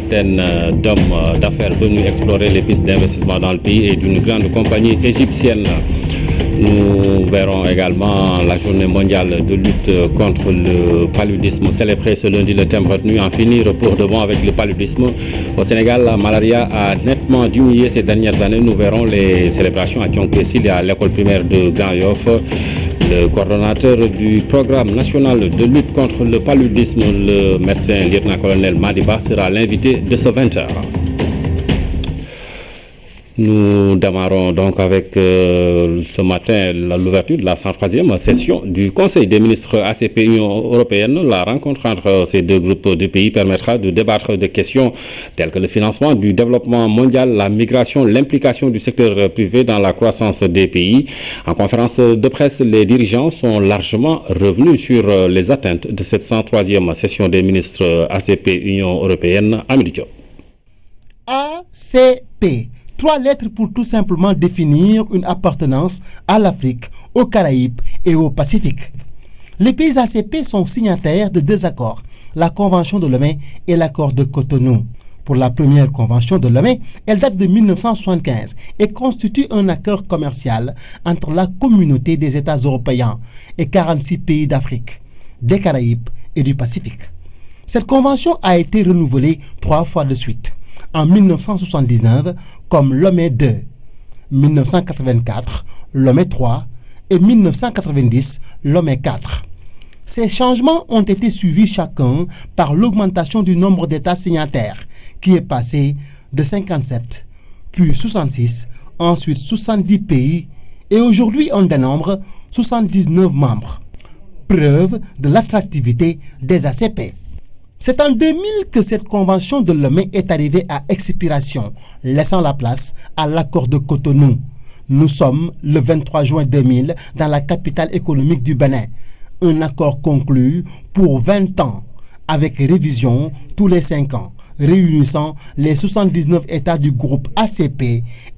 Euh, d'hommes euh, d'affaires venus explorer les pistes d'investissement dans le pays et d'une grande compagnie égyptienne. Nous verrons également la journée mondiale de lutte contre le paludisme célébrée ce lundi. Le thème retenu en finir pour de bon avec le paludisme. Au Sénégal, la malaria a nettement diminué ces dernières années. Nous verrons les célébrations à s'il et à l'école primaire de Grand -Yoff. Le coordonnateur du programme national de lutte contre le paludisme, le médecin lieutenant-colonel Madiba, sera l'invité de ce 20h. Nous démarrons donc avec euh, ce matin l'ouverture de la 103e session du Conseil des ministres ACP Union européenne. La rencontre entre euh, ces deux groupes de pays permettra de débattre des questions telles que le financement du développement mondial, la migration, l'implication du secteur privé dans la croissance des pays. En conférence de presse, les dirigeants sont largement revenus sur euh, les atteintes de cette 103e session des ministres ACP Union européenne. à ACP Trois lettres pour tout simplement définir une appartenance à l'Afrique, aux Caraïbes et au Pacifique. Les pays ACP sont signataires de deux accords, la Convention de Lomé et l'accord de Cotonou. Pour la première convention de Lomé, elle date de 1975 et constitue un accord commercial entre la communauté des États européens et 46 pays d'Afrique, des Caraïbes et du Pacifique. Cette convention a été renouvelée trois fois de suite en 1979 comme Lomé 2, 1984 Lomé 3 et 1990 l'OME 4. Ces changements ont été suivis chacun par l'augmentation du nombre d'États signataires, qui est passé de 57, puis 66, ensuite 70 pays, et aujourd'hui on dénombre 79 membres. Preuve de l'attractivité des ACP. C'est en 2000 que cette convention de Lomé est arrivée à expiration, laissant la place à l'accord de Cotonou. Nous sommes le 23 juin 2000 dans la capitale économique du Bénin. Un accord conclu pour 20 ans, avec révision tous les 5 ans, réunissant les 79 États du groupe ACP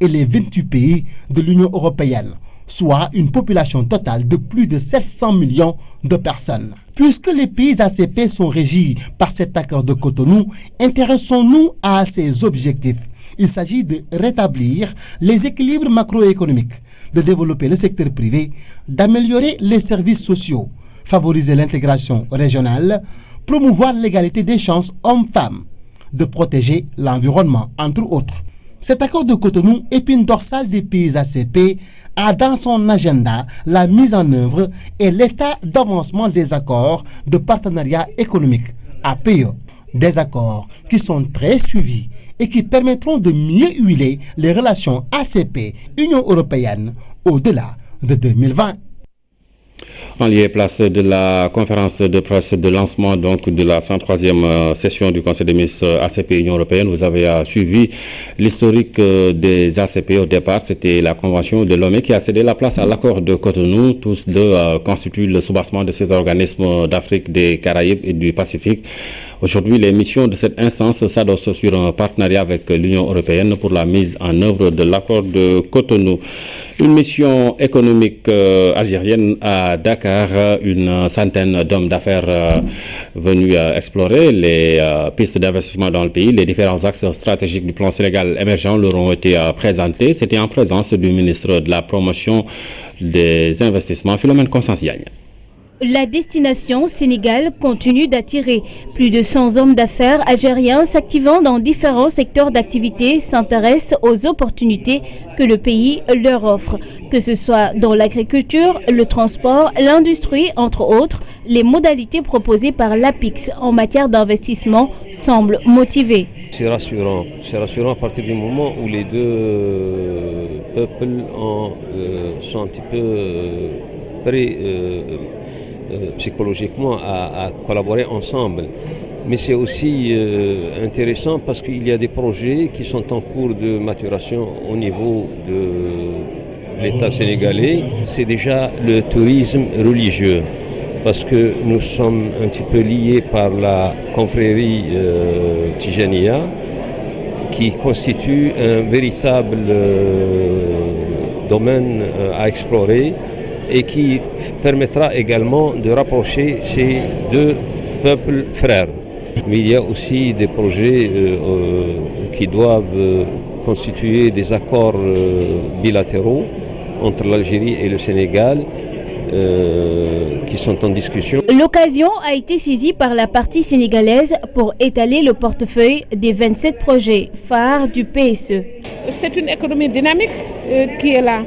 et les 28 pays de l'Union européenne, soit une population totale de plus de 700 millions de personnes. Puisque les pays ACP sont régis par cet accord de Cotonou, intéressons-nous à ses objectifs. Il s'agit de rétablir les équilibres macroéconomiques, de développer le secteur privé, d'améliorer les services sociaux, favoriser l'intégration régionale, promouvoir l'égalité des chances hommes-femmes, de protéger l'environnement, entre autres. Cet accord de Cotonou est une dorsale des pays ACP a dans son agenda la mise en œuvre et l'état d'avancement des accords de partenariat économique, APE, des accords qui sont très suivis et qui permettront de mieux huiler les relations ACP-Union européenne au-delà de 2020. En lieu place de la conférence de presse de lancement donc de la 103e euh, session du Conseil des ministres euh, ACP Union européenne, vous avez euh, suivi l'historique des ACP au départ. C'était la convention de l'OME qui a cédé la place à l'accord de Cotonou. Tous deux constituent le soubassement de ces organismes d'Afrique, des Caraïbes et du Pacifique. Aujourd'hui, les missions de cette instance s'adossent sur un partenariat avec l'Union européenne pour la mise en œuvre de l'accord de Cotonou. Une mission économique euh, algérienne à Dakar, une centaine d'hommes d'affaires euh, venus euh, explorer les pistes d'investissement dans le pays. Les différents axes stratégiques du plan Sénégal émergent leur ont été présentés. C'était en présence du ministre de la Promotion des investissements, Philomène Constance la destination Sénégal continue d'attirer. Plus de 100 hommes d'affaires algériens s'activant dans différents secteurs d'activité s'intéressent aux opportunités que le pays leur offre, que ce soit dans l'agriculture, le transport, l'industrie, entre autres. Les modalités proposées par l'APIX en matière d'investissement semblent motivées. C'est rassurant. C'est rassurant à partir du moment où les deux euh, peuples euh, sont un petit peu euh, prêts. Euh, psychologiquement à, collaborer ensemble. Mais c'est aussi euh, intéressant parce qu'il y a des projets qui sont en cours de maturation au niveau de l'État sénégalais. C'est déjà le tourisme religieux parce que nous sommes un petit peu liés par la confrérie euh, qui constitue un véritable euh, domaine à explorer et qui permettra également de rapprocher ces deux peuples frères. Mais il y a aussi des projets euh, euh, qui doivent euh, constituer des accords bilatéraux entre l'Algérie et le Sénégal qui sont en discussion. L'occasion a été saisie par la partie sénégalaise pour étaler le portefeuille des 27 projets phares du PSE. C'est une économie dynamique qui est là,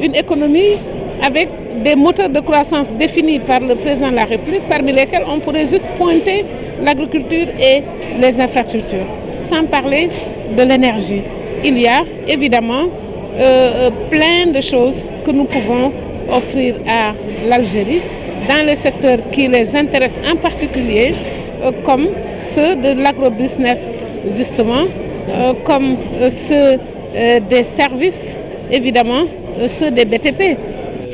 une économie avec des moteurs de croissance définis par le président de la République, parmi lesquels on pourrait juste pointer l'agriculture et les infrastructures, sans parler de l'énergie. Il y a évidemment euh, euh, plein de choses que nous pouvons offrir à l'Algérie dans les secteurs qui les intéressent en particulier, euh, comme ceux de l'agrobusiness justement, comme ceux des services, évidemment, ceux des BTP.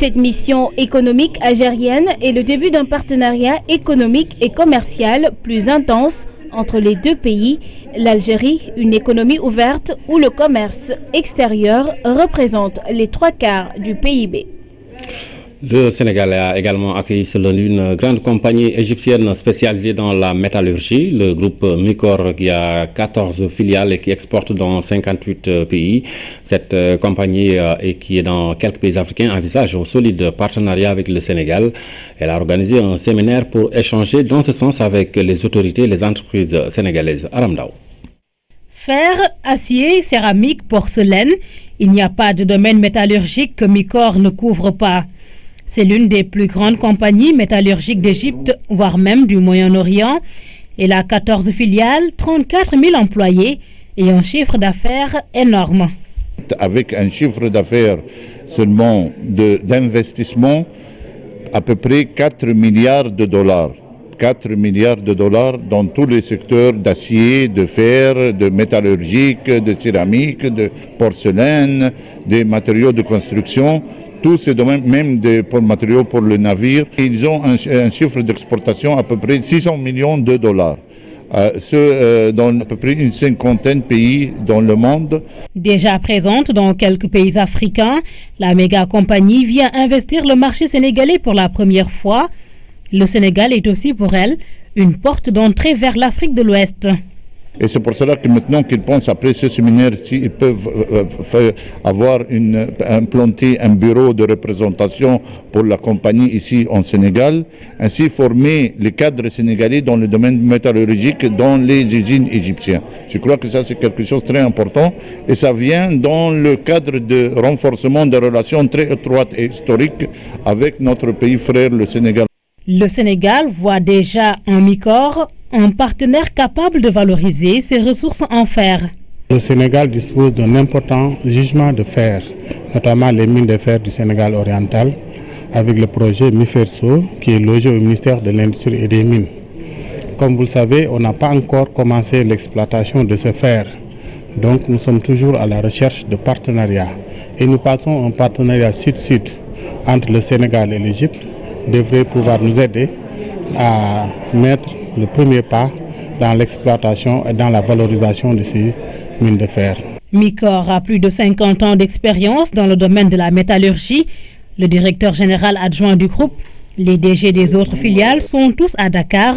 Cette mission économique algérienne est le début d'un partenariat économique et commercial plus intense entre les deux pays, l'Algérie, une économie ouverte où le commerce extérieur représente les trois quarts du PIB. Le Sénégal a également accueilli selon lundi une grande compagnie égyptienne spécialisée dans la métallurgie, le groupe Micor qui a 14 filiales et qui exporte dans 58 pays. Cette euh, compagnie euh, et qui est dans quelques pays africains envisage un solide partenariat avec le Sénégal. Elle a organisé un séminaire pour échanger dans ce sens avec les autorités et les entreprises sénégalaises. Aramdao. Fer, acier, céramique, porcelaine, il n'y a pas de domaine métallurgique que Micor ne couvre pas. C'est l'une des plus grandes compagnies métallurgiques d'Égypte, voire même du Moyen-Orient. Elle a 14 filiales, 34 000 employés et un chiffre d'affaires énorme. Avec un chiffre d'affaires seulement d'investissement, à peu près 4 milliards de dollars. 4 milliards de dollars dans tous les secteurs d'acier, de fer, de métallurgique, de céramique, de porcelaine, des matériaux de construction tous ces domaines, même des matériaux pour le navire. Ils ont un, chiffre d'exportation à peu près 600 millions de dollars. Euh, ce, euh, dans à peu près une cinquantaine de pays dans le monde. Déjà présente dans quelques pays africains, la méga compagnie vient investir le marché sénégalais pour la première fois. Le Sénégal est aussi pour elle une porte d'entrée vers l'Afrique de l'Ouest. Et c'est pour cela que maintenant qu'ils pensent, après ce séminaire, s'ils peuvent euh, euh, avoir une, implanter un bureau de représentation pour la compagnie ici en Sénégal, ainsi former les cadres sénégalais dans le domaine métallurgique dans les usines égyptiennes. Je crois que ça c'est quelque chose de très important et ça vient dans le cadre de renforcement des relations très étroites et historiques avec notre pays frère le Sénégal. Le Sénégal voit déjà un mi-corps un partenaire capable de valoriser ses ressources en fer. Le Sénégal dispose d'un important jugement de fer, notamment les mines de fer du Sénégal oriental, avec le projet MIFERSO qui est logé au ministère de l'Industrie et des Mines. Comme vous le savez, on n'a pas encore commencé l'exploitation de ce fer. Donc nous sommes toujours à la recherche de partenariats. Et nous passons un partenariat sud-sud entre le Sénégal et l'Égypte devrait pouvoir nous aider à mettre le premier pas dans l'exploitation et dans la valorisation de ces mines de fer. Micor a plus de 50 ans d'expérience dans le domaine de la métallurgie. Le directeur général adjoint du groupe, les DG des autres filiales sont tous à Dakar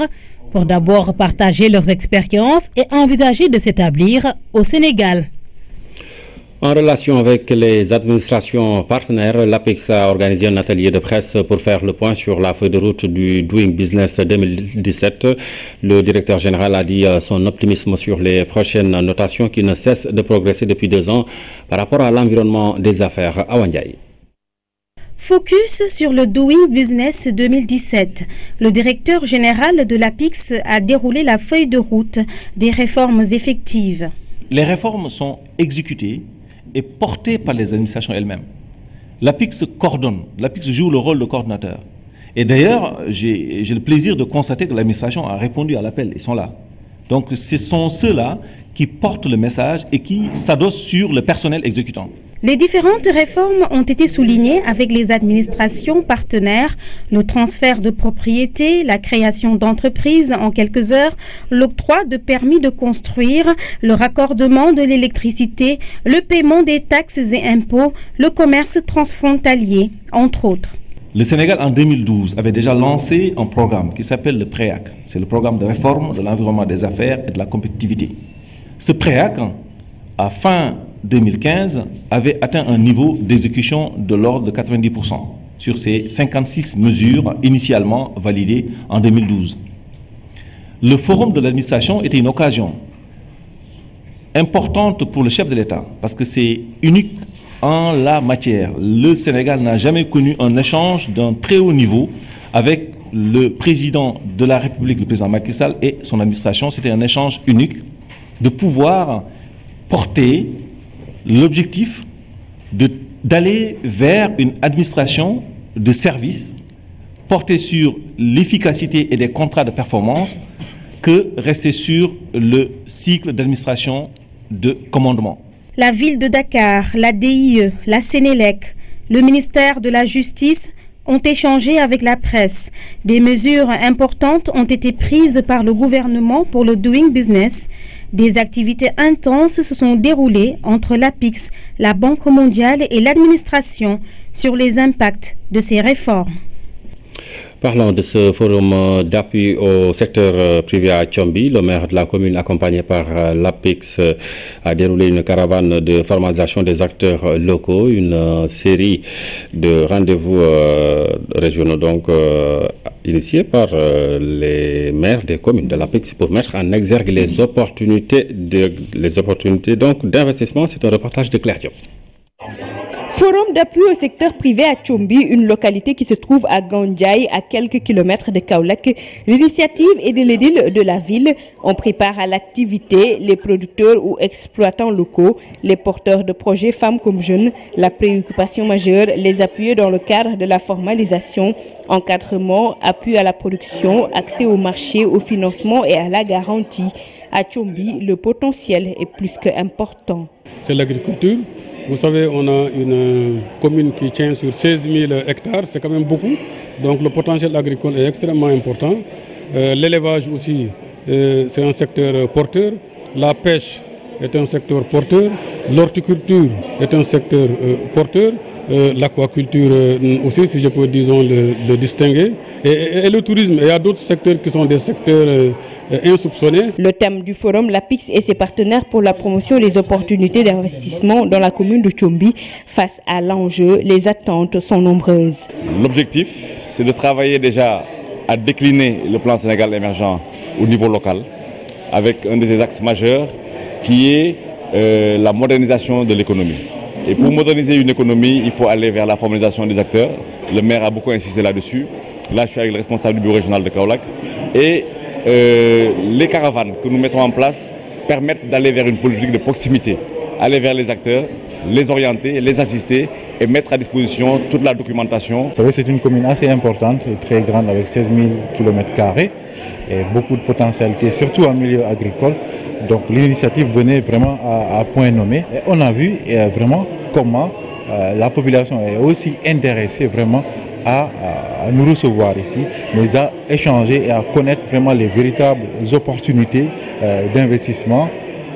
pour d'abord partager leurs expériences et envisager de s'établir au Sénégal. En relation avec les administrations partenaires, l'APEX a organisé un atelier de presse pour faire le point sur la feuille de route du Doing Business 2017. Le directeur général a dit euh, son optimisme sur les prochaines notations qui ne cessent de progresser depuis deux ans par rapport à l'environnement des affaires à Wanyaï. Focus sur le Doing Business 2017. Le directeur général de l'APIX a déroulé la feuille de route des réformes effectives. Les réformes sont exécutées est portée par les administrations elles-mêmes. L'APIC coordonne, l'APIC joue le rôle de coordinateur. Et d'ailleurs, j'ai le plaisir de constater que l'administration a répondu à l'appel, ils sont là. Donc ce sont ceux-là qui portent le message et qui s'adossent sur le personnel exécutant. Les différentes réformes ont été soulignées avec les administrations partenaires, le transfert de propriété, la création d'entreprises en quelques heures, l'octroi de permis de construire, le raccordement de l'électricité, le paiement des taxes et impôts, le commerce transfrontalier, entre autres. Le Sénégal, en 2012, avait déjà lancé un programme qui s'appelle le PREAC. C'est le programme de réforme de l'environnement des affaires et de la compétitivité. Ce PREAC, hein, afin 2015 avait atteint un niveau d'exécution de l'ordre de 90% sur ces 56 mesures initialement validées en 2012. Le forum de l'administration était une occasion importante pour le chef de l'État parce que c'est unique en la matière. Le Sénégal n'a jamais connu un échange d'un très haut niveau avec le président de la République, le président Macky Sall et son administration. C'était un échange unique de pouvoir porter l'objectif d'aller vers une administration de services portée sur l'efficacité et des contrats de performance que rester sur le cycle d'administration de commandement. La ville de Dakar, la DIE, la Sénélec, le ministère de la Justice ont échangé avec la presse. Des mesures importantes ont été prises par le gouvernement pour le doing business des activités intenses se sont déroulées entre l'APIX, la Banque mondiale et l'administration sur les impacts de ces réformes. Parlons de ce forum euh, d'appui au secteur euh, privé à Tchombi. Le maire de la commune, accompagné par euh, l'APEX, a déroulé une caravane de formalisation des acteurs locaux, une série de rendez-vous régionaux donc initiés par les maires des communes de l'APEX pour mettre en exergue les opportunités d'investissement. C'est un reportage de Claire Forum d'appui au secteur privé à Tchombi, une localité qui se trouve à Gandjaï, à quelques kilomètres de Kaolak. L'initiative est de l'édile de la ville. On prépare à l'activité les producteurs ou exploitants locaux, les porteurs de projets femmes comme jeunes. La préoccupation majeure, les appuyer dans le cadre de la formalisation, encadrement, appui à la production, accès au marché, au financement et à la garantie. À Tchombi, le potentiel est plus que important. C'est l'agriculture vous savez, on a une euh, commune qui tient sur 16 000 hectares, c'est quand même beaucoup. Donc le potentiel agricole est extrêmement important. Euh, l'élevage aussi, euh, c'est un secteur porteur. La pêche est un secteur porteur. L'horticulture est un secteur porteur. Euh, l'aquaculture euh, aussi, si je peux, disons, le, distinguer, et, le tourisme. il y a d'autres secteurs qui sont des secteurs euh, insoupçonnés. Le thème du forum, l'APIX et ses partenaires pour la promotion des opportunités d'investissement dans la commune de Tchombi. face à l'enjeu, les attentes sont nombreuses. L'objectif, c'est de travailler déjà à décliner le plan Sénégal émergent au niveau local, avec un des axes majeurs qui est la modernisation de l'économie. Et pour moderniser une économie, il faut aller vers la formalisation des acteurs. Le maire a beaucoup insisté là-dessus. Là, je suis avec le responsable du bureau régional de Kaolac. Et euh, les caravanes que nous mettons en place permettent d'aller vers une politique de proximité, aller vers les acteurs, les orienter, les assister et mettre à disposition toute la documentation. Vous savez, c'est une commune assez importante très grande avec 16 000 km et beaucoup de potentialités, surtout en milieu agricole. Donc l'initiative venait vraiment à, point nommé. on a vu euh, vraiment comment euh, la population est aussi intéressée vraiment à, nous recevoir ici, mais à échanger et à connaître vraiment les véritables opportunités euh, d'investissement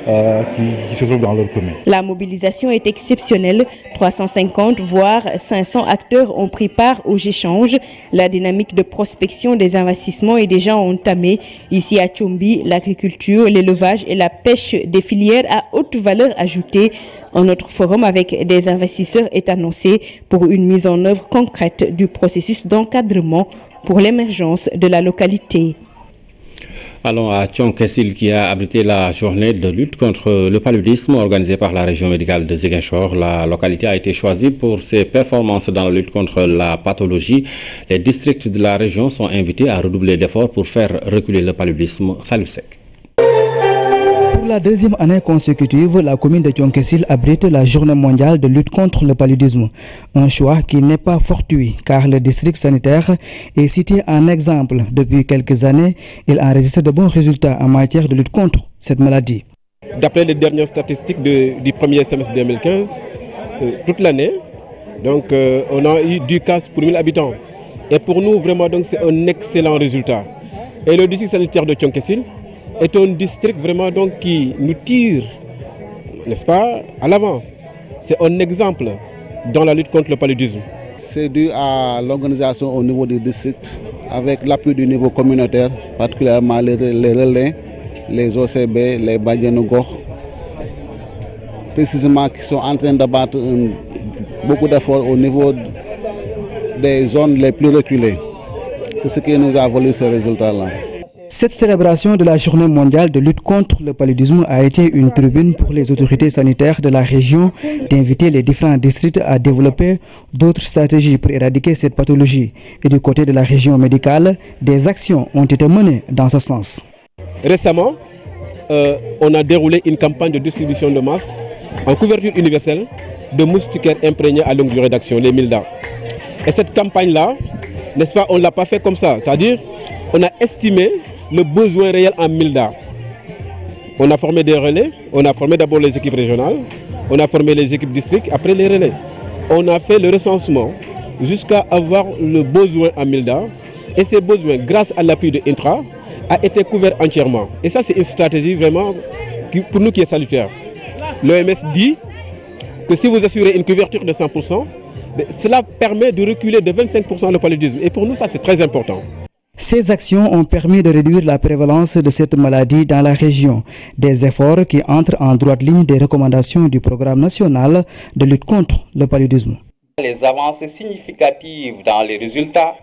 euh, qui, se trouvent dans leur commune. La mobilisation est exceptionnelle. 350 voire 500 acteurs ont pris part aux échanges. La dynamique de prospection des investissements est déjà entamée. Ici à Tchombi, l'agriculture, l'élevage et la pêche des filières à haute valeur ajoutée. Un autre forum avec des investisseurs est annoncé pour une mise en œuvre concrète du processus d'encadrement pour l'émergence de la localité. Allons à Kessil qui a abrité la journée de lutte contre le paludisme organisée par la région médicale de Ziguinchor. La localité a été choisie pour ses performances dans la lutte contre la pathologie. Les districts de la région sont invités à redoubler d'efforts pour faire reculer le paludisme. Salut sec. Pour la deuxième année consécutive, la commune de Tionkessil abrite la journée mondiale de lutte contre le paludisme. Un choix qui n'est pas fortuit car le district sanitaire est cité en exemple. Depuis quelques années, il a enregistré de bons résultats en matière de lutte contre cette maladie. D'après les dernières statistiques du premier semestre 2015, euh, toute l'année, donc euh, on a eu du cas pour 1000 habitants. Et pour nous, vraiment, c'est un excellent résultat. Et le district sanitaire de Tionkessil est un district vraiment donc qui nous tire, n'est-ce pas, à l'avant. C'est un exemple dans la lutte contre le paludisme. C'est dû à l'organisation au niveau du district, avec l'appui du niveau communautaire, particulièrement les, les relais, les OCB, les Badianougor, précisément qui sont en train d'abattre beaucoup d'efforts au niveau des zones les plus reculées. C'est ce qui nous a valu ce résultat-là. Cette célébration de la journée mondiale de lutte contre le paludisme a été une tribune pour les autorités sanitaires de la région d'inviter les différents districts à développer d'autres stratégies pour éradiquer cette pathologie. Et du côté de la région médicale, des actions ont été menées dans ce sens. Récemment, euh, on a déroulé une campagne de distribution de masse en couverture universelle de moustiquaires imprégnés à longue durée d'action, les mildas. Et cette campagne-là, n'est-ce pas, on ne l'a pas fait comme ça. C'est-à-dire, on a estimé le besoin réel en Milda. On a formé des relais, on a formé d'abord les équipes régionales, on a formé les équipes districts, après les relais. On a fait le recensement jusqu'à avoir le besoin en Milda. Et ces besoins, grâce à l'appui de Intra, a été couvert entièrement. Et ça, c'est une stratégie vraiment pour nous qui est salutaire. L'OMS dit que si vous assurez une couverture de 100%, ben, cela permet de reculer de 25% le paludisme. Et pour nous, ça, c'est très important. Ces actions ont permis de réduire la prévalence de cette maladie dans la région, des efforts qui entrent en droite ligne des recommandations du programme national de lutte contre le paludisme. Les avancées significatives dans les résultats,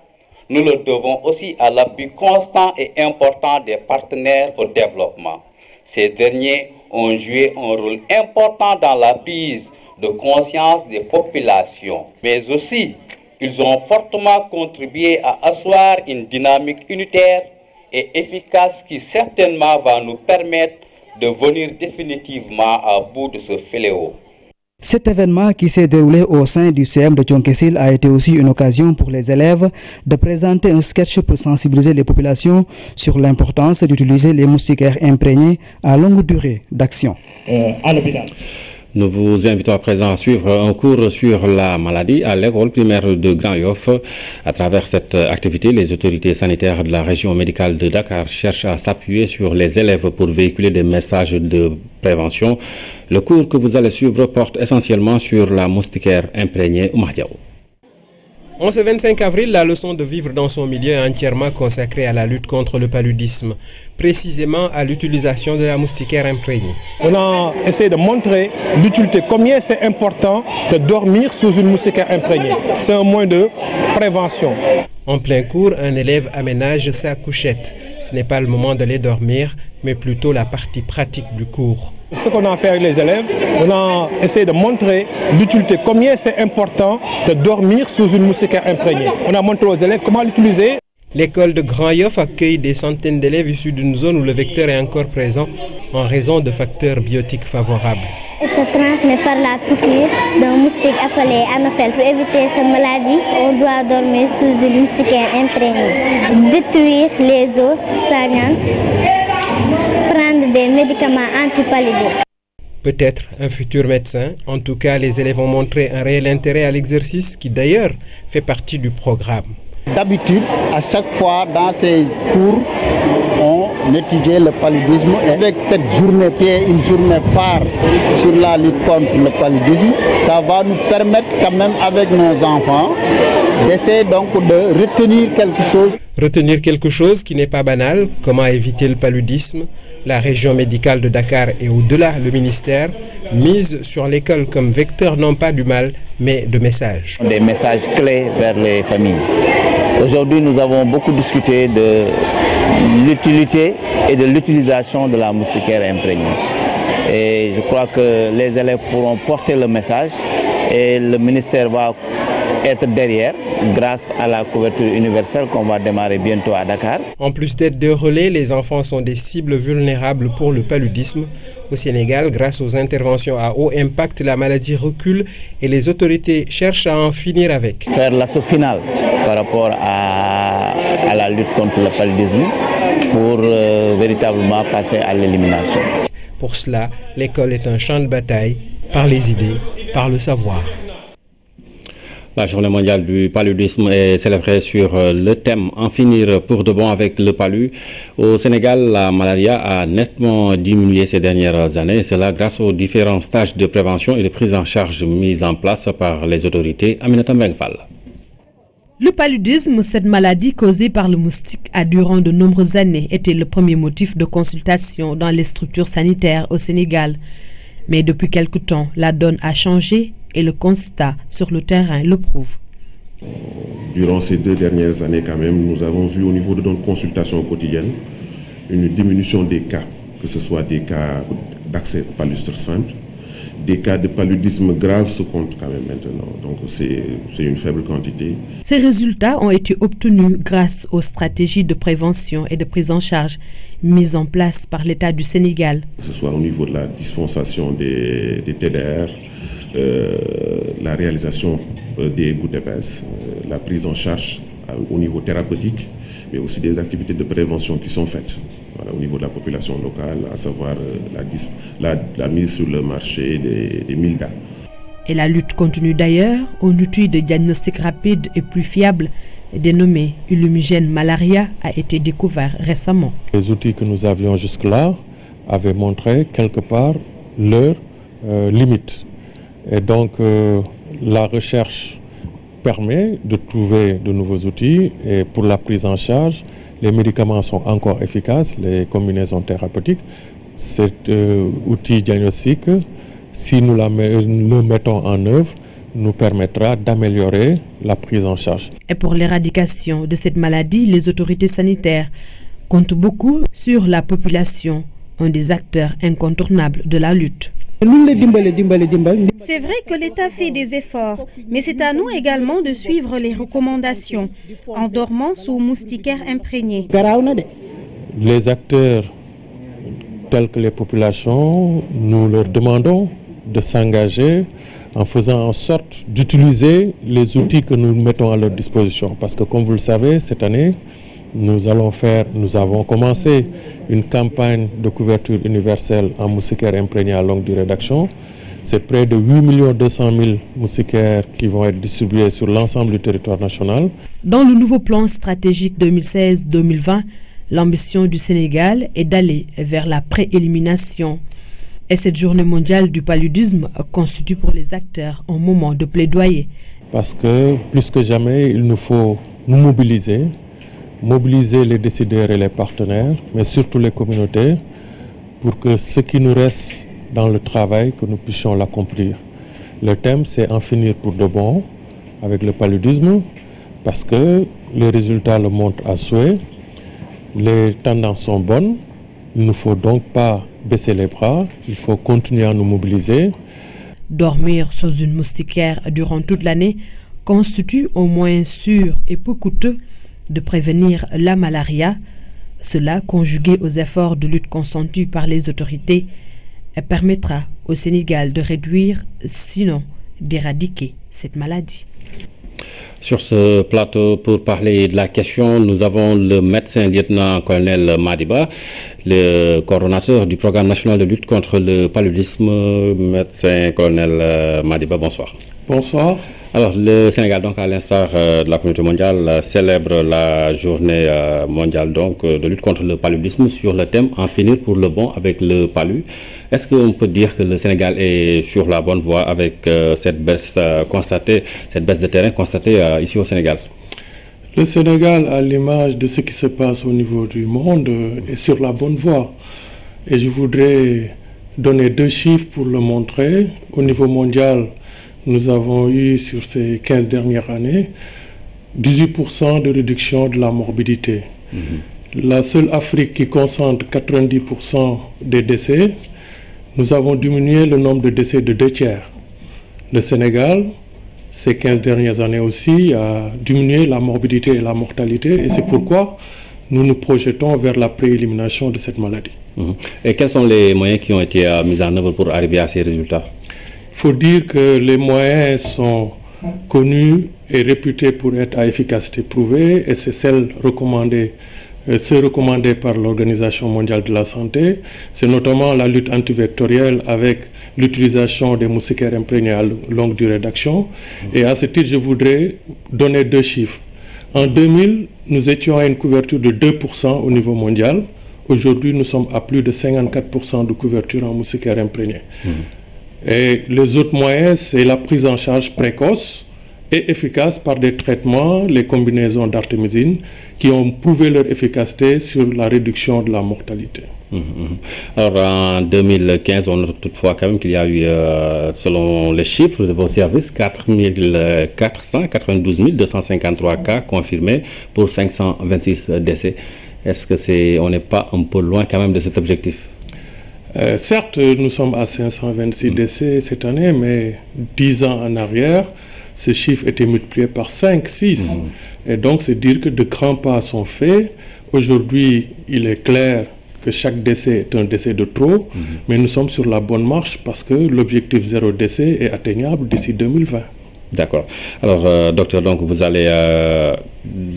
nous le devons aussi à l'appui constant et important des partenaires au développement. Ces derniers ont joué un rôle important dans la prise de conscience des populations, mais aussi ils ont fortement contribué à asseoir une dynamique unitaire et efficace qui certainement va nous permettre de venir définitivement à bout de ce fléau. Cet événement qui s'est déroulé au sein du CM de Tchonkessil a été aussi une occasion pour les élèves de présenter un sketch pour sensibiliser les populations sur l'importance d'utiliser les moustiquaires imprégnés à longue durée d'action. Euh, nous vous invitons à présent à suivre un cours sur la maladie à l'école primaire de Grand Yoff. À travers cette activité, les autorités sanitaires de la région médicale de Dakar cherchent à s'appuyer sur les élèves pour véhiculer des messages de prévention. Le cours que vous allez suivre porte essentiellement sur la moustiquaire imprégnée au Mahdiao. En ce 25 avril, la leçon de vivre dans son milieu est entièrement consacrée à la lutte contre le paludisme, précisément à l'utilisation de la moustiquaire imprégnée. On a essayé de montrer l'utilité, combien c'est important de dormir sous une moustiquaire imprégnée. C'est un moyen de prévention. En plein cours, un élève aménage sa couchette. Ce n'est pas le moment d'aller dormir, mais plutôt la partie pratique du cours. Ce qu'on a fait avec les élèves, on a essayé de montrer l'utilité, combien c'est important de dormir sous une moustiquaire imprégnée. On a montré aux élèves comment l'utiliser. L'école de Grand Yoff accueille des centaines d'élèves issus d'une zone où le vecteur est encore présent en raison de facteurs biotiques favorables. Il se transmet par la piqûre d'un moustique appelé anophèle. Pour éviter cette maladie, on doit dormir sous une moustiquaire imprégnée, détruire les eaux stagnantes, prendre des médicaments antipaludiques. Peut-être un futur médecin. En tout cas, les élèves ont montré un réel intérêt à l'exercice qui d'ailleurs fait partie du programme. D'habitude, à chaque fois dans ces cours, on étudiait le paludisme. avec cette journée qui une journée par sur la lutte contre le paludisme, ça va nous permettre quand même avec nos enfants d'essayer donc de retenir quelque chose. Retenir quelque chose qui n'est pas banal, comment éviter le paludisme la région médicale de Dakar et au-delà le ministère mise sur l'école comme vecteur non pas du mal, mais de messages. Des messages clés vers les familles. Aujourd'hui, nous avons beaucoup discuté de l'utilité et de l'utilisation de la moustiquaire imprégnée. Et je crois que les élèves pourront porter le message et le ministère va être derrière grâce à la couverture universelle qu'on va démarrer bientôt à Dakar. En plus d'être de relais, les enfants sont des cibles vulnérables pour le paludisme. Au Sénégal, grâce aux interventions à haut impact, la maladie recule et les autorités cherchent à en finir avec. Faire l'assaut final par rapport à, la lutte contre le paludisme pour euh, véritablement passer à l'élimination. Pour cela, l'école est un champ de bataille par les idées, par le savoir. La journée mondiale du paludisme est célébrée sur euh, le thème « En finir pour de bon avec le palu ». Au Sénégal, la malaria a nettement diminué ces dernières années, cela grâce aux différents stages de prévention et de prise en charge mis en place par les autorités. Aminata Mbengfal. Le paludisme, cette maladie causée par le moustique, a durant de nombreuses années été le premier motif de consultation dans les structures sanitaires au Sénégal. Mais depuis quelque temps, la donne a changé et le constat sur le terrain le prouve. Durant ces deux dernières années quand même, nous avons vu au niveau de notre consultation quotidienne une diminution des cas, que ce soit des cas d'accès palustre simple, des cas de paludisme grave se comptent quand même maintenant. Donc c'est une faible quantité. Ces résultats ont été obtenus grâce aux stratégies de prévention et de prise en charge mises en place par l'État du Sénégal. Que ce soit au niveau de la dispensation des, des TDR, euh, la réalisation euh, des bouts euh, la prise en charge au niveau thérapeutique, mais aussi des activités de prévention qui sont faites au niveau de la population locale, à savoir la, mise sur le marché des, des Et la lutte continue d'ailleurs, un outil de diagnostic rapide et plus fiable dénommé Illumigène Malaria a été découvert récemment. Les outils que nous avions jusque-là avaient montré quelque part leurs limites. Et donc, euh, la recherche permet de trouver de nouveaux outils et pour la prise en charge, les médicaments sont encore efficaces, les combinaisons thérapeutiques. Cet euh, outil diagnostique, si nous le mettons en œuvre, nous permettra d'améliorer la prise en charge. Et pour l'éradication de cette maladie, les autorités sanitaires comptent beaucoup sur la population, un des acteurs incontournables de la lutte. C'est vrai que l'État fait des efforts, mais c'est à nous également de suivre les recommandations en dormant sous moustiquaires imprégnés. Les acteurs tels que les populations, nous leur demandons de s'engager en faisant en sorte d'utiliser les outils que nous mettons à leur disposition. Parce que comme vous le savez, cette année, nous allons faire, nous avons commencé une campagne de couverture universelle en moustiquaires imprégnés à longue durée d'action. C'est près de 8 200 000 moustiquaires qui vont être distribués sur l'ensemble du territoire national. Dans le nouveau plan stratégique 2016-2020, l'ambition du Sénégal est d'aller vers la préélimination. Et cette journée mondiale du paludisme constitue pour les acteurs un moment de plaidoyer. Parce que plus que jamais, il nous faut nous mobiliser mobiliser les décideurs et les partenaires, mais surtout les communautés, pour que ce qui nous reste dans le travail, que nous puissions l'accomplir. Le thème, c'est en finir pour de bon avec le paludisme, parce que les résultats le montrent à souhait, les tendances sont bonnes, il ne faut donc pas baisser les bras, il faut continuer à nous mobiliser. Dormir sous une moustiquaire durant toute l'année constitue au moins sûr et peu coûteux de prévenir la malaria. Cela, conjugué aux efforts de lutte consentus par les autorités, permettra au Sénégal de réduire, sinon d'éradiquer cette maladie. Sur ce plateau, pour parler de la question, nous avons le médecin lieutenant-colonel Madiba, le coordonnateur du programme national de lutte contre le paludisme. Médecin colonel Madiba, bonsoir. Bonsoir. Alors, le Sénégal, donc, à l'instar euh, de la communauté mondiale, euh, célèbre la journée euh, mondiale de lutte contre le paludisme sur le thème « En finir pour le bon avec le palu ». Est-ce qu'on peut dire que le Sénégal est sur la bonne voie avec cette baisse constatée, cette baisse de terrain constatée ici au Sénégal Le Sénégal, à l'image de ce qui se passe au niveau du monde, est sur la bonne voie. Et je voudrais donner deux chiffres pour le montrer. Au niveau mondial, nous avons eu sur ces 15 dernières années 18% de réduction de la morbidité. Mhm. La seule Afrique qui concentre 90% des décès, nous avons diminué le nombre de décès de deux tiers. Le Sénégal, ces 15 dernières années aussi, a diminué la morbidité et la mortalité et c'est pourquoi nous nous projetons vers la préélimination de cette maladie. Mhm. Et quels sont les moyens qui ont été euh, mis en œuvre pour arriver à ces résultats il faut dire que les moyens sont connus et réputés pour être à efficacité prouvée et c'est celle recommandée euh, recommandé par l'Organisation mondiale de la santé. C'est notamment la lutte antivectorielle avec l'utilisation des moustiquaires imprégnés à longue durée d'action. Et à ce titre, je voudrais donner deux chiffres. En 2000, nous étions à une couverture de 2% au niveau mondial. Aujourd'hui, nous sommes à plus de 54% de couverture en moustiquaires imprégnés. Mmh. Et les autres moyens, c'est la prise en charge précoce et efficace par des traitements, les combinaisons d'artémisine, qui ont prouvé leur efficacité sur la réduction de la mortalité. Hum, hum, hum. Alors en 2015, on note toutefois quand même qu'il y a eu, euh, selon les chiffres de vos services, 4 492 253 cas confirmés pour 526 décès. Est-ce que c'est, on n'est pas un peu loin quand même de cet objectif euh, certes, nous sommes à 526 mm. décès cette année, mais 10 ans en arrière, ce chiffre était multiplié par 5, 6. Mm. Et donc, c'est dire que de grands pas sont faits. Aujourd'hui, il est clair que chaque décès est un décès de trop, mm. mais nous sommes sur la bonne marche parce que l'objectif zéro décès est atteignable d'ici 2020. D'accord. Alors, euh, docteur, donc vous allez euh,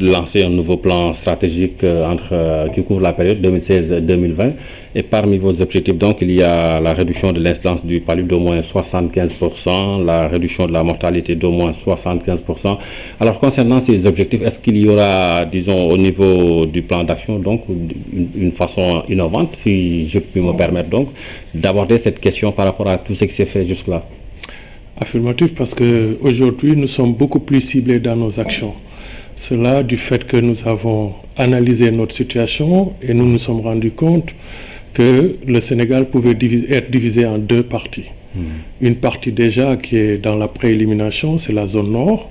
lancer un nouveau plan stratégique euh, qui couvre la période 2016-2020. Et parmi vos objectifs, donc, il y a la réduction de l'instance du palud d'au moins 75%, la réduction de la mortalité d'au moins 75%. Alors, concernant ces objectifs, est-ce qu'il y aura, disons, au niveau du plan d'action, donc, une, façon innovante, si je puis me permettre, donc, d'aborder cette question par rapport à tout ce qui s'est fait jusque-là Affirmatif parce qu'aujourd'hui, nous sommes beaucoup plus ciblés dans nos actions. Cela du fait que nous avons analysé notre situation et nous nous sommes rendus compte que le Sénégal pouvait être divisé en deux parties. Hmm. Une partie déjà qui est dans la préélimination, c'est la zone nord,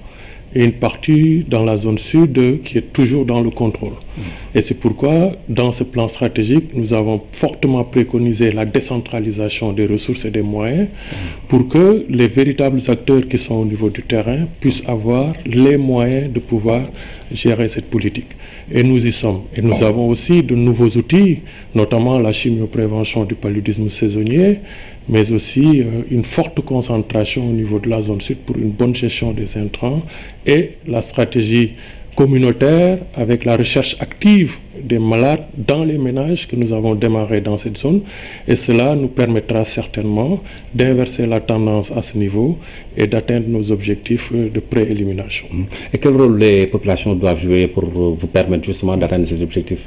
et une partie dans la zone sud qui est toujours dans le contrôle. Mm. Et c'est pourquoi, dans ce plan stratégique, nous avons fortement préconisé la décentralisation des ressources et des moyens mm. pour que les véritables acteurs qui sont au niveau du terrain puissent avoir les moyens de pouvoir gérer cette politique. Et nous y sommes. Et nous avons aussi de nouveaux outils, notamment la chimio-prévention du paludisme saisonnier, mais aussi euh, une forte concentration au niveau de la zone sud pour une bonne gestion des intrants et la stratégie communautaire avec la recherche active des malades dans les ménages que nous avons démarré dans cette zone et cela nous permettra certainement d'inverser la tendance à ce niveau et d'atteindre nos objectifs euh, de préélimination. Et quel rôle les populations doivent jouer pour euh, vous permettre justement d'atteindre ces objectifs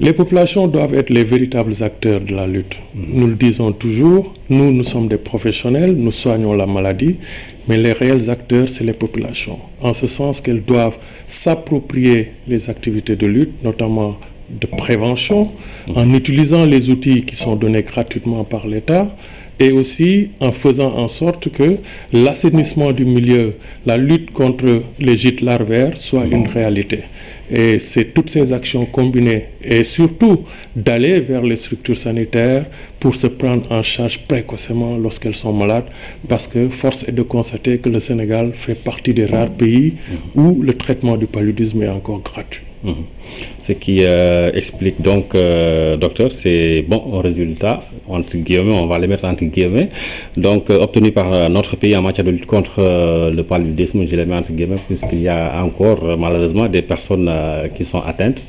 les populations doivent être les véritables acteurs de la lutte. Nous le disons toujours, nous, nous sommes des professionnels, nous soignons la maladie, mais les réels acteurs, c'est les populations. En ce sens qu'elles doivent s'approprier les activités de lutte, notamment de prévention, en utilisant les outils qui sont donnés gratuitement par l'État, et aussi en faisant en sorte que l'assainissement du milieu, la lutte contre les gîtes larvaires soit une réalité. Et c'est toutes ces actions combinées et surtout d'aller vers les structures sanitaires pour se prendre en charge précocement lorsqu'elles sont malades parce que force est de constater que le Sénégal fait partie des rares pays où le traitement du paludisme est encore gratuit. Mhm. Ce qui euh, explique donc, euh, docteur, c'est bon résultats, entre guillemets, on va les mettre entre guillemets, donc euh, obtenus par notre pays en matière de lutte contre le paludisme, je les mets entre guillemets, puisqu'il y a encore malheureusement des personnes qui sont atteintes.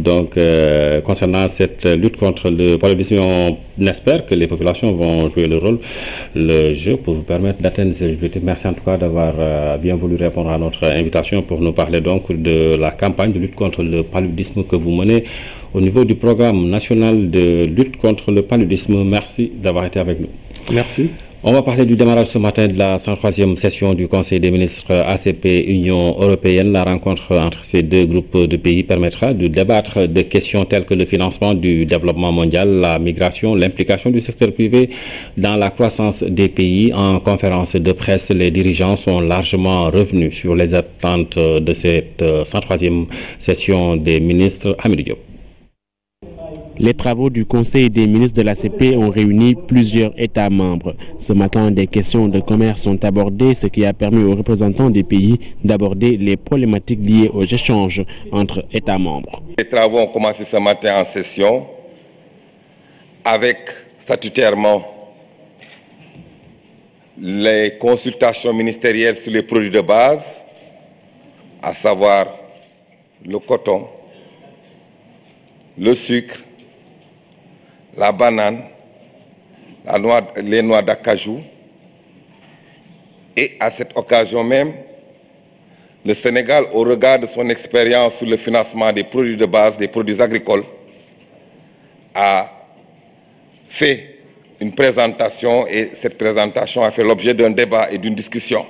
Donc, euh, concernant cette lutte contre le paludisme, on espère que les populations vont jouer le rôle, le jeu, pour vous permettre d'atteindre ces objectifs. Merci en tout cas d'avoir euh, bien voulu répondre à notre invitation pour nous parler donc de la campagne de lutte contre le paludisme que vous menez au niveau du programme national de lutte contre le paludisme. Merci d'avoir été avec nous. Merci. On va parler du démarrage ce matin de la 103e session du Conseil des ministres ACP Union européenne. La rencontre entre ces deux groupes de pays permettra de débattre de questions telles que le financement du développement mondial, la migration, l'implication du secteur privé dans la croissance des pays. En conférence de presse, les dirigeants sont largement revenus sur les attentes de cette 103e session des ministres. Amélie les travaux du Conseil des ministres de l'ACP ont réuni plusieurs États membres. Ce matin, des questions de commerce sont abordées, ce qui a permis aux représentants des pays d'aborder les problématiques liées aux échanges entre États membres. Les travaux ont commencé ce matin en session avec statutairement les consultations ministérielles sur les produits de base, à savoir le coton, le sucre, la banane, les noix d'acajou. Et à cette occasion même, le Sénégal, au regard de son expérience sur le financement des produits de base, des produits agricoles, a fait une présentation et cette présentation a fait l'objet d'un débat et d'une discussion.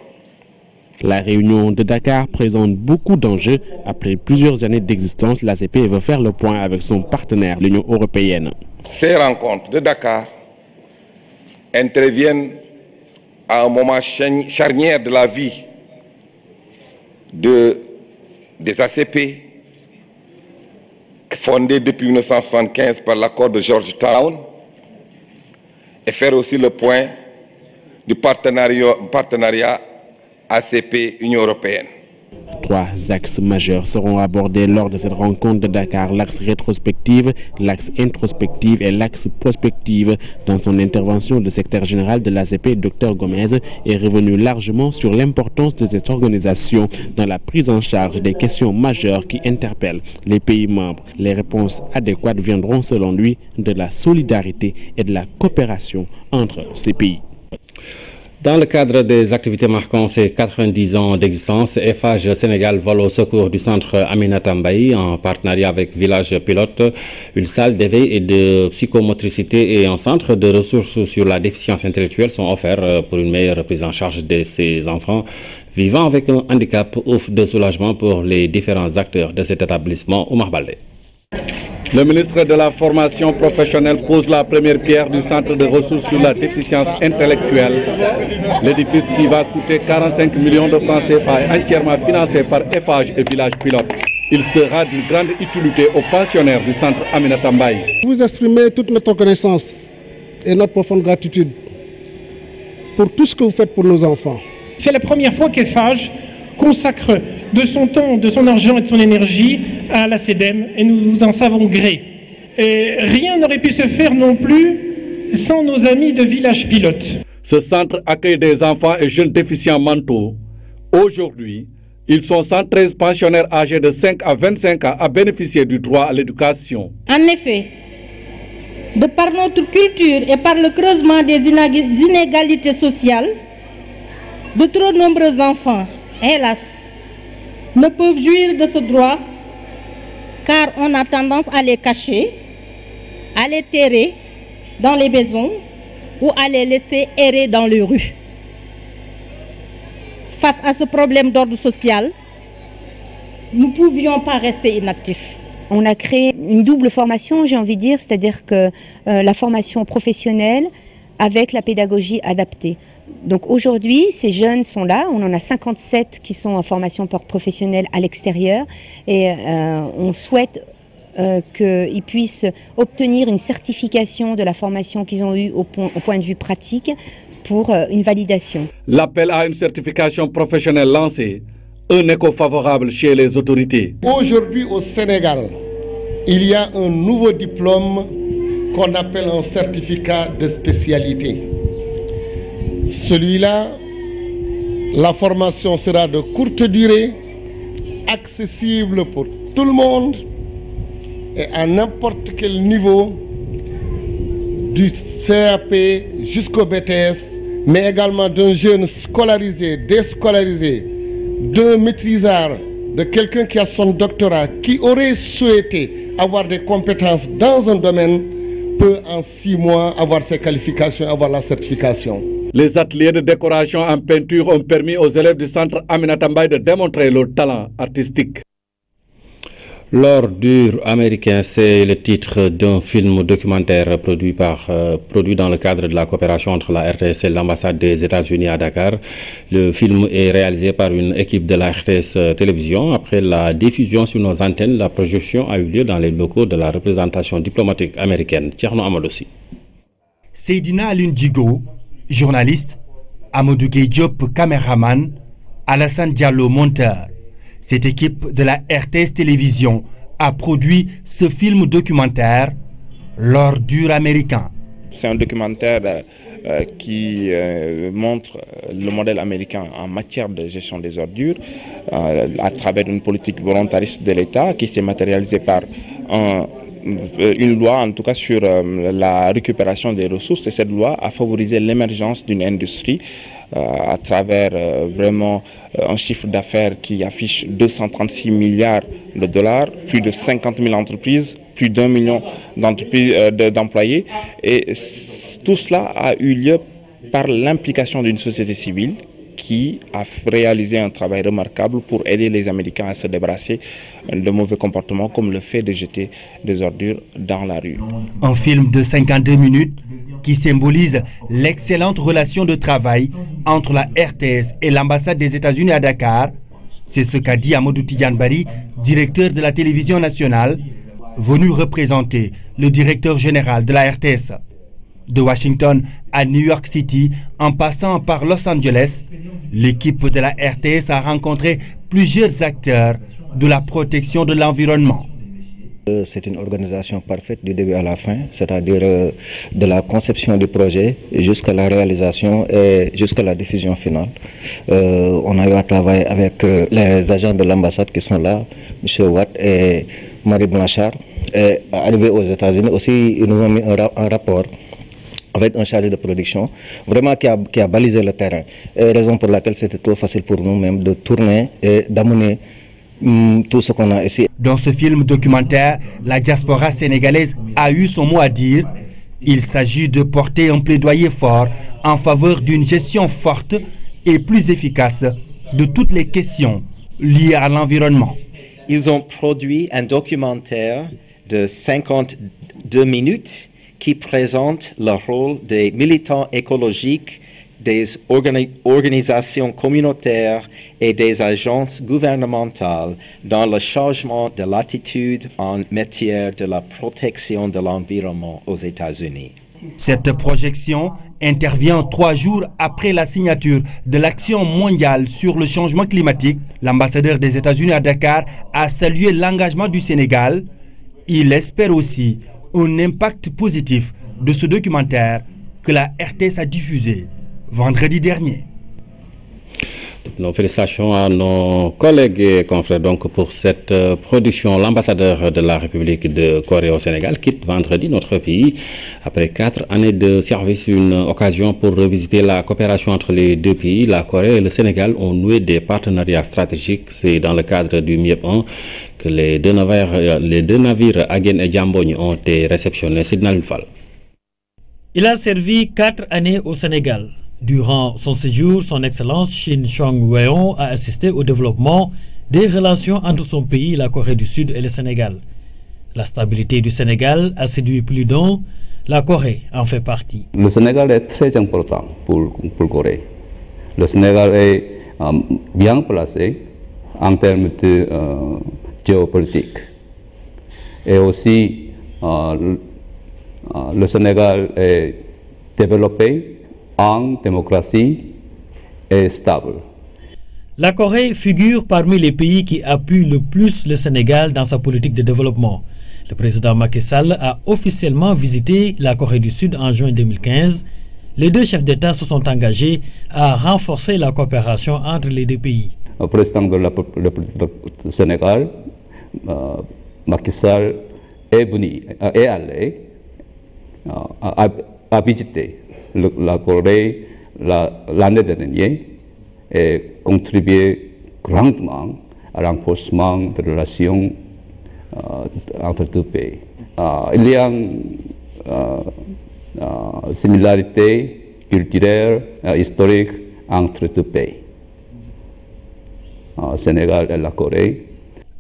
La réunion de Dakar présente beaucoup d'enjeux. Après plusieurs années d'existence, l'ACP veut faire le point avec son partenaire, l'Union européenne. Ces rencontres de Dakar interviennent à un moment charnière de la vie des ACP, fondées depuis 1975 par l'accord de Georgetown, et faire aussi le point du partenariat ACP Union européenne. Trois axes majeurs seront abordés lors de cette rencontre de Dakar, l'axe rétrospective, l'axe introspective et l'axe prospective. Dans son intervention, de secteur général de l'ACP, Dr Gomez, est revenu largement sur l'importance de cette organisation dans la prise en charge des questions majeures qui interpellent les pays membres. Les réponses adéquates viendront, selon lui, de la solidarité et de la coopération entre ces pays. Dans le cadre des activités marquant ses 90 ans d'existence, FH Sénégal vole au secours du centre Aminata en partenariat avec Village Pilote, une salle d'éveil et de psychomotricité et un centre de ressources sur la déficience intellectuelle sont offerts euh, pour une meilleure prise en charge de ces enfants vivant avec un handicap, ou de soulagement pour les différents acteurs de cet établissement au le ministre de la Formation professionnelle pose la première pierre du centre de ressources sur la déficience intellectuelle. L'édifice qui va coûter 45 millions de francs CFA est entièrement financé par FH et Village Pilote. Il sera d'une grande utilité aux pensionnaires du centre Aminatambaye. Vous exprimez toute notre reconnaissance et notre profonde gratitude pour tout ce que vous faites pour nos enfants. C'est la première fois qu'EFAGE consacre de son temps, de son argent et de son énergie à la CEDEM et nous en savons gré. Et rien n'aurait pu se faire non plus sans nos amis de Village Pilote. Ce centre accueille des enfants et jeunes déficients mentaux. Aujourd'hui, ils sont 113 pensionnaires âgés de 5 à 25 ans à bénéficier du droit à l'éducation. En effet, de par notre culture et par le creusement des inégalités sociales, de trop nombreux enfants, hélas, ne peuvent jouir de ce droit car on a tendance à les cacher, à les terrer dans les maisons ou à les laisser errer dans les rues. Face à ce problème d'ordre social, nous ne pouvions pas rester inactifs. On a créé une double formation, j'ai envie de dire, c'est-à-dire que euh, la formation professionnelle avec la pédagogie adaptée. Donc aujourd'hui, ces jeunes sont là. On en a 57 qui sont en formation professionnelle à l'extérieur et euh, on souhaite euh, qu'ils puissent obtenir une certification de la formation qu'ils ont eue au, point, de vue pratique pour euh, une validation. L'appel à une certification professionnelle lancée, un écho favorable chez les autorités. Aujourd'hui au Sénégal, il y a un nouveau diplôme qu'on appelle un certificat de spécialité. Celui-là, la formation sera de courte durée, accessible pour tout le monde et à n'importe quel niveau, du CAP jusqu'au BTS, mais également d'un jeune scolarisé, déscolarisé, d'un maîtrisard, de quelqu'un qui a son doctorat, qui aurait souhaité avoir des compétences dans un domaine, peut en six mois avoir ses qualifications, avoir la certification. Les ateliers de décoration en peinture ont permis aux élèves du centre Aminatambay de démontrer leur talent artistique. L'or dur américain, c'est le titre d'un film documentaire produit, euh, dans le cadre de la coopération entre la RTS et l'ambassade des États-Unis à Dakar. Le film est réalisé par une équipe de la RTS euh, Télévision. Après la diffusion sur nos antennes, la projection a eu lieu dans les locaux de la représentation diplomatique américaine. Tierno Amadossi. Seydina journaliste, Amadou Diop, caméraman, Alassane Diallo, monteur. Cette équipe de la RTS Télévision a produit ce film documentaire, L'ordure américain. C'est un documentaire euh, euh, qui euh, montre le modèle américain en matière de gestion des ordures à travers une politique volontariste de l'État qui s'est matérialisée par un euh, une loi en tout cas sur euh, la récupération des ressources et cette loi a favorisé l'émergence d'une industrie euh, à travers vraiment un chiffre d'affaires qui affiche 236 milliards de dollars, plus de 50 000 entreprises, plus d'un million d'employés et tout cela a eu lieu par l'implication d'une société civile qui a réalisé un travail remarquable pour aider les Américains à se débarrasser de mauvais comportements comme le fait de jeter des ordures dans la rue. Un film de 52 minutes qui symbolise l'excellente relation de travail entre la RTS et l'ambassade des États-Unis à Dakar. C'est ce qu'a dit Amadou Barry, directeur de la télévision nationale, venu représenter le directeur général de la RTS de Washington à New York City en passant par Los Angeles, l'équipe de la RTS a rencontré plusieurs acteurs de la protection de l'environnement. Euh, c'est une organisation parfaite du début à la fin, c'est-à-dire euh, de la conception du projet jusqu'à la réalisation et jusqu'à la diffusion finale. Euh, on a eu à travailler avec les agents de l'ambassade qui sont là, M. Watt et Marie Blanchard. Et arrivés aux États-Unis aussi, ils nous ont mis un rapport avec un chargé de production, vraiment qui a, balisé le terrain. raison pour laquelle c'était trop facile pour nous même de tourner et d'amener hum, tout ce qu'on a essayé. Dans ce film documentaire, la diaspora sénégalaise a eu son mot à dire. Il s'agit de porter un plaidoyer fort en faveur d'une gestion forte et plus efficace de toutes les questions liées à l'environnement. Ils ont produit un documentaire de 52 minutes qui présente le rôle des militants écologiques, des organisations communautaires et des agences gouvernementales dans le changement de l'attitude en matière de la protection de l'environnement aux États-Unis. Cette projection intervient trois jours après la signature de l'Action mondiale sur le changement climatique. L'ambassadeur des États-Unis à Dakar a salué l'engagement du Sénégal. Il espère aussi un impact positif de ce documentaire que la RTS a diffusé vendredi dernier. Nos félicitations à nos collègues et confrères donc pour cette euh, production. L'ambassadeur de la République de Corée au Sénégal quitte vendredi notre pays après quatre années de service. Une occasion pour revisiter la coopération entre les deux pays. La Corée et le Sénégal ont noué des partenariats stratégiques. C'est dans le cadre du MIEP 1 que les deux navires, euh, les Agen et Djambogne ont été réceptionnés. Sidnal Il a servi quatre années au Sénégal. Durant son séjour, son Excellence Shin Chong-weon a assisté au développement des relations entre son pays, la Corée du Sud et le Sénégal. La stabilité du Sénégal a séduit plus d'un, la Corée en fait partie. Le Sénégal est très important pour, la Corée. Le Sénégal est euh, bien placé en termes de euh, géopolitique. Et aussi, euh, le Sénégal est développé en démocratie est stable. La Corée figure parmi les pays qui appuient le plus le Sénégal dans sa politique de développement. Le président Macky Sall a officiellement visité la Corée du Sud en juin 2015. Les deux chefs d'État se sont engagés à renforcer la coopération entre les deux pays. Le président de la, du Sénégal, euh, Macky Sall, est, venu, euh, allé, euh, à la Corée l'année dernière et eh, contribué grandement à l'enforcement des relations euh, entre deux pays. Euh, il y a une euh, similarité culturelle, historique entre deux pays, Sénégal et la Corée.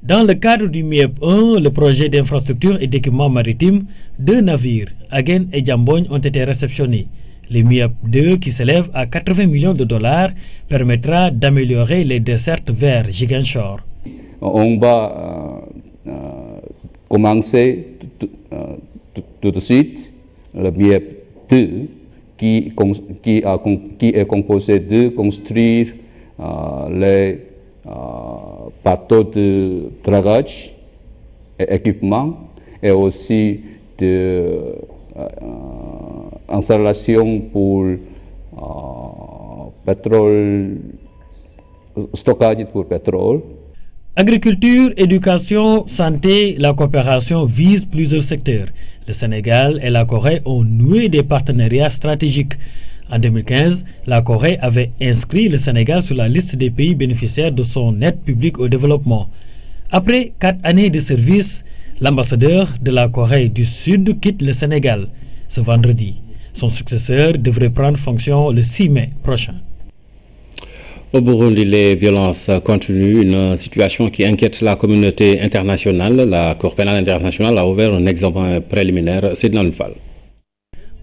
Dans le cadre du MIEP 1, le projet d'infrastructure et d'équipement maritime, deux navires, Agen et Jambogne, ont été réceptionnés. Le MIEP 2, qui s'élève à 80 millions de dollars, permettra d'améliorer les dessertes vers Giganshore. On va euh, euh, commencer euh, tout, de suite le MIEP 2, qui, est composé de construire les bateaux de dragage et équipements, et aussi de installation pour ah, pétrole, stockage pour pétrole. Agriculture, éducation, santé, la coopération vise plusieurs secteurs. Le Sénégal et la Corée ont noué des partenariats stratégiques. En 2015, la Corée avait inscrit le Sénégal sur la liste des pays bénéficiaires de son aide publique au développement. Après quatre années de service, l'ambassadeur de la Corée du Sud quitte le Sénégal ce vendredi. Son successeur devrait prendre fonction le 6 mai prochain. Au Burundi, les violences continuent, une situation qui inquiète la communauté internationale. La Cour pénale internationale a ouvert un examen préliminaire. C'est dans le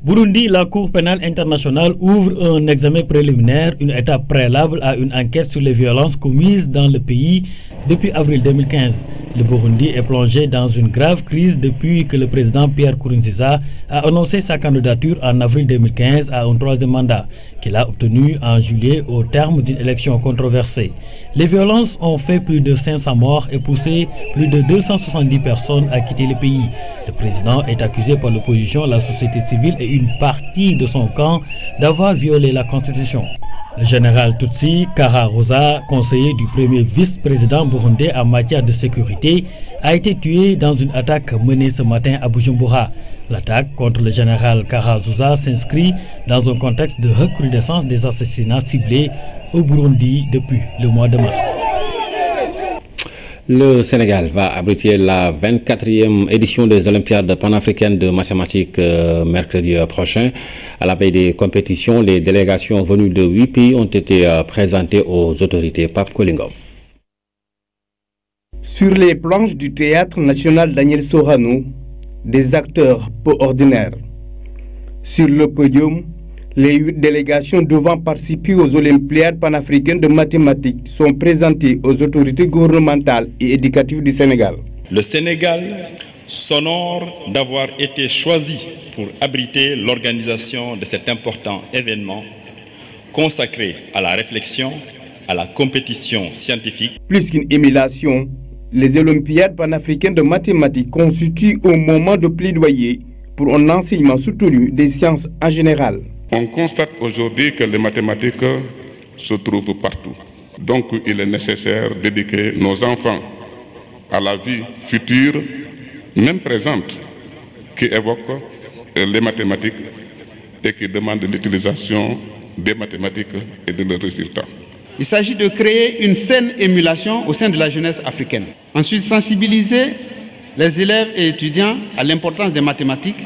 Burundi, la Cour pénale internationale ouvre un examen préliminaire, une étape préalable à une enquête sur les violences commises dans le pays depuis avril 2015. Le Burundi est plongé dans une grave crise depuis que le président Pierre Kourounziza a annoncé sa candidature en avril 2015 à un troisième mandat qu'il a obtenu en juillet au terme d'une élection controversée. Les violences ont fait plus de 500 morts et poussé plus de 270 personnes à quitter le pays. Le président est accusé par l'opposition, la société civile et une partie de son camp d'avoir violé la constitution. Le général Tutsi Rosa, conseiller du premier vice-président burundais en matière de sécurité, a été tué dans une attaque menée ce matin à Bujumbura. L'attaque contre le général Karazouza s'inscrit dans un contexte de recrudescence des assassinats ciblés au Burundi depuis le mois de mars. Le Sénégal va abriter la 24e édition des Olympiades panafricaines de mathématiques euh, mercredi euh, prochain. À la veille des compétitions, les délégations venues de huit pays ont été euh, présentées aux autorités. Pape Colingom. Sur les planches du théâtre national Daniel Sorano, des acteurs peu ordinaires. Sur le podium, les huit délégations devant participer aux Olympiades panafricaines de mathématiques sont présentées aux autorités gouvernementales et éducatives du Sénégal. Le Sénégal s'honore d'avoir été choisi pour abriter l'organisation de cet important événement consacré à la réflexion, à la compétition scientifique. Plus qu'une émulation, les Olympiades panafricaines de mathématiques constituent au moment de plaidoyer pour un enseignement soutenu des sciences en général. On constate aujourd'hui que les mathématiques se trouvent partout. Donc il est nécessaire dédiquer nos enfants à la vie future, même présente, qui évoque les mathématiques et qui demande l'utilisation des mathématiques et de leurs résultats. Il s'agit de créer une saine émulation au sein de la jeunesse africaine. Ensuite, sensibiliser les élèves et étudiants à l'importance des mathématiques.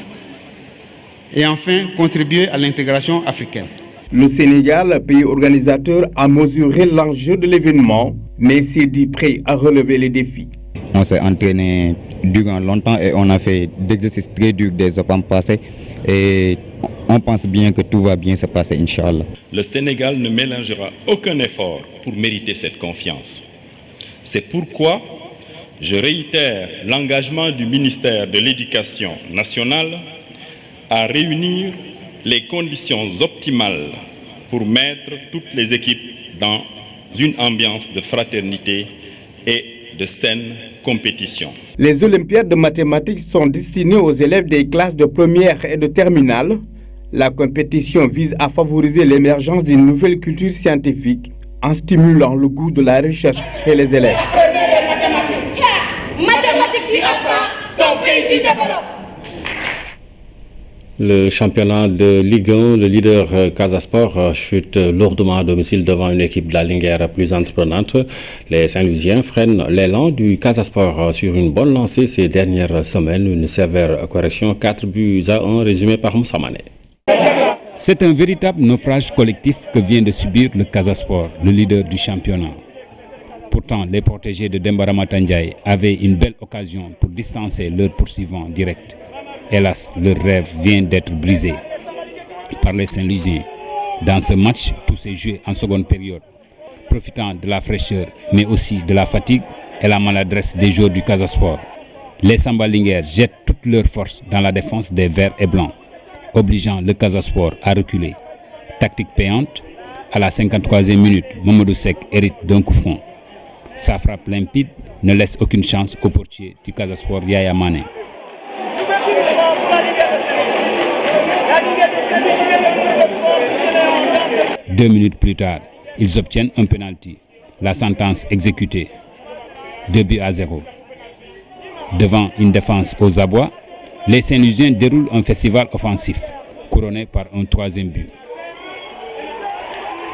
Et enfin, contribuer à l'intégration africaine. Le Sénégal, pays organisateur, a mesuré l'enjeu de l'événement, mais s'est dit prêt à relever les défis. On s'est entraîné durant longtemps et on a fait des exercices très durs des avant passés et on pense bien que tout va bien se passer, Inch'Allah. Le Sénégal ne mélangera aucun effort pour mériter cette confiance. C'est pourquoi je réitère l'engagement du ministère de l'Éducation nationale à réunir les conditions optimales pour mettre toutes les équipes dans une ambiance de fraternité et de Saine Compétition. Les Olympiades de mathématiques sont destinées aux élèves des classes de première et de terminale. La compétition vise à favoriser l'émergence d'une nouvelle culture scientifique en stimulant le goût de la recherche chez les élèves. Le championnat de Ligue 1, le leader euh, Casasport euh, chute lourdement à domicile devant une équipe de la 1 plus entreprenante. Les Saint-Louisiens freinent l'élan du Casasport euh, sur une bonne lancée ces dernières semaines. Une sévère correction, 4 buts à 1 résumé par Moussamane. C'est un véritable naufrage collectif que vient de subir le Casasport, le leader du championnat. Pourtant, les protégés de Dembara Matandjaï avaient une belle occasion pour distancer leur poursuivant direct hélas, le rêve vient d'être brisé par les Saint-Louisiens dans ce match tous ces jeux en seconde période. Profitant de la fraîcheur, mais aussi de la fatigue et la maladresse des joueurs du Casasport, les Sambalingers jettent toute leur force dans la défense des Verts et Blancs, obligeant le Casasport à reculer. Tactique payante, à la 53e minute, Mamadou Sek hérite d'un coup franc. Sa frappe limpide ne laisse aucune chance au portier du Casasport Yaya Mané. Deux minutes plus tard, ils obtiennent un penalty. La sentence exécutée. Deux buts à zéro. Devant une défense aux abois, les saint déroulent un festival offensif, couronné par un troisième but.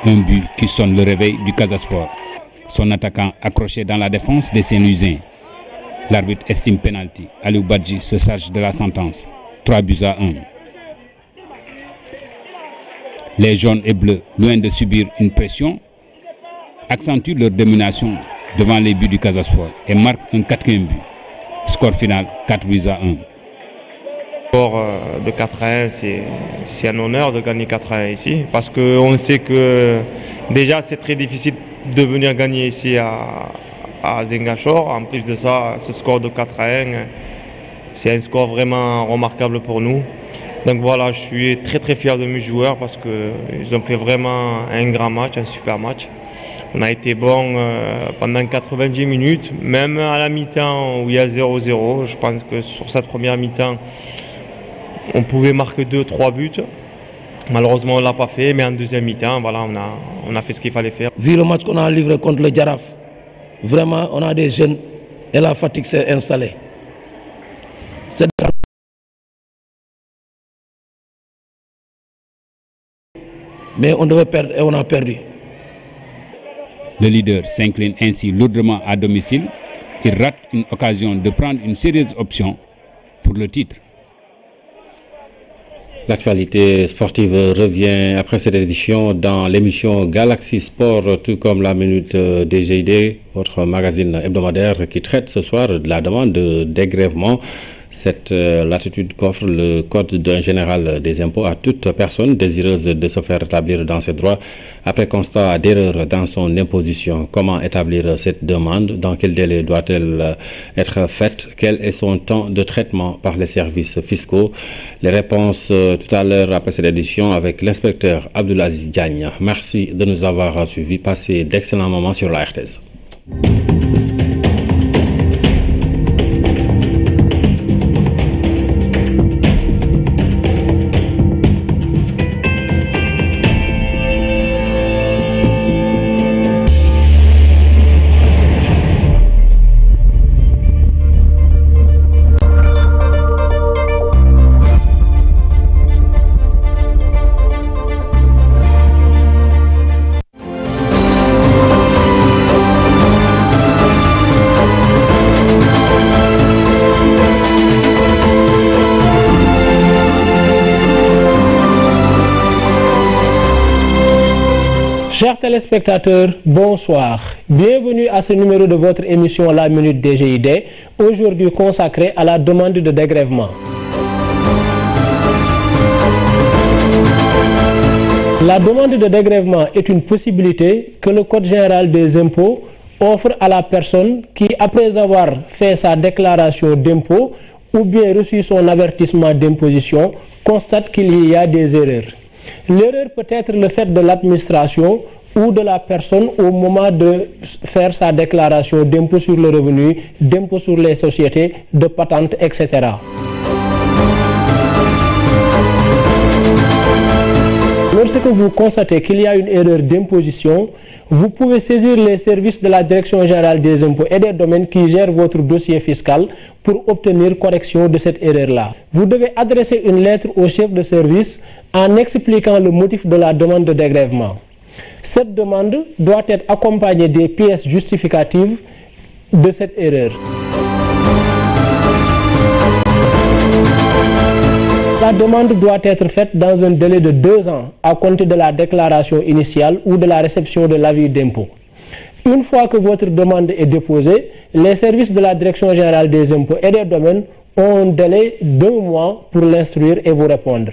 Un but qui sonne le réveil du Casasport. Son attaquant accroché dans la défense des Saint-Lusiens. L'arbitre estime penalty. Aliou Badji se charge de la sentence. 3 buts à 1. Les jaunes et bleus, loin de subir une pression, accentuent leur domination devant les buts du Casasport et marquent un quatrième but. Score final 4 buts à 1. score euh, de 4 à 1, c'est un honneur de gagner 4 à 1 ici parce qu'on sait que déjà c'est très difficile de venir gagner ici à, à Zengachor. En plus de ça, ce score de 4 à 1, c'est un score vraiment remarquable pour nous. Donc voilà, je suis très très fier de mes joueurs parce qu'ils ont fait vraiment un grand match, un super match. On a été bon euh, pendant 90 minutes, même à la mi-temps où il y a 0-0. Je pense que sur cette première mi-temps, on pouvait marquer 2-3 buts. Malheureusement, on ne l'a pas fait, mais en deuxième mi-temps, on, a, on a fait ce qu'il fallait faire. Vu le match qu'on a livré contre le Djaraf, vraiment, on a des jeunes et la fatigue s'est installée. mais on devait perdre et on a perdu. Le leader s'incline ainsi lourdement à domicile. Il rate une occasion de prendre une sérieuse option pour le titre. L'actualité sportive revient après cette édition dans l'émission Galaxy Sport, tout comme la Minute euh, DGID, votre magazine hebdomadaire qui traite ce soir de la demande de dégrèvement cette euh, latitude qu'offre le Code d'un général des impôts à toute personne désireuse de se faire établir dans ses droits après constat d'erreur dans son imposition. Comment établir cette demande Dans quel délai doit-elle euh, être faite Quel est son temps de traitement par les services fiscaux Les réponses euh, tout à l'heure après cette édition avec l'inspecteur Abdulaziz Gagne. Merci de nous avoir suivis. Passez d'excellents moments sur la RTS. Chers téléspectateurs, bonsoir. Bienvenue à ce numéro de votre émission La Minute DGID, aujourd'hui consacré à la demande de dégrèvement. La demande de dégrèvement est une possibilité que le Code général des impôts offre à la personne qui, après avoir fait sa déclaration d'impôt ou bien reçu son avertissement d'imposition, constate qu'il y a des erreurs. L'erreur peut être le fait de l'administration ou de la personne au moment de faire sa déclaration d'impôt sur le revenu, d'impôt sur les sociétés, de patente, etc. Lorsque vous constatez qu'il y a une erreur d'imposition, vous pouvez saisir les services de la Direction générale des impôts et des domaines qui gèrent votre dossier fiscal pour obtenir correction de cette erreur-là. Vous devez adresser une lettre au chef de service en expliquant le motif de la demande de dégrèvement. Cette demande doit être accompagnée des pièces justificatives de cette erreur. La demande doit être faite dans un délai de deux ans à compter de la déclaration initiale ou de la réception de l'avis d'impôt. Une fois que votre demande est déposée, les services de la Direction générale des impôts et des domaines ont un délai de deux mois pour l'instruire et vous répondre.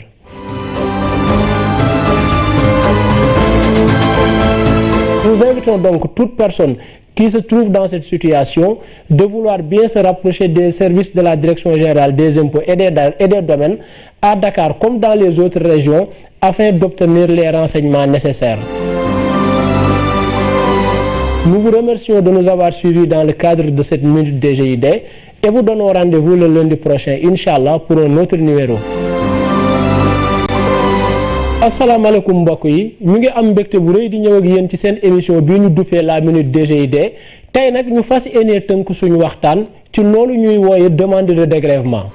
donc toute personne qui se trouve dans cette situation de vouloir bien se rapprocher des services de la Direction générale des impôts et des, domaines à Dakar comme dans les autres régions afin d'obtenir les renseignements nécessaires. Nous vous remercions de nous avoir suivis dans le cadre de cette minute DGID et vous donnons rendez-vous le lundi prochain, Inch'Allah, pour un autre numéro. asalaamaaleykum mbokk yi ñu ngi am mbégte bu rëy di ñëw ak yéen ci seen émission bii ñu dufee la minute DGID tey nag ñu fas yéenee tënk suñu waxtaan ci loolu ñuy wooye demande de dégrèvement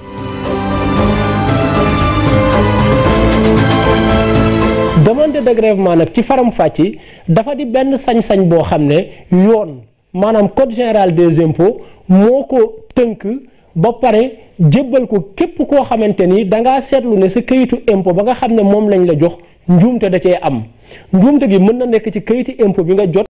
demande de dégrèvement nag ci faram fàcc dafa di benn sañ-sañ boo xam ne yoon maanaam code général de impôts moo ko tënk ba pare jébbal ko képp koo xamante ni da ngaa seetlu ne sa kayitu impôt ba nga xam ne moom lañ la jox njuumte da cee am njuumte gi mën na nekk ci kayitu impôt bi nga jot.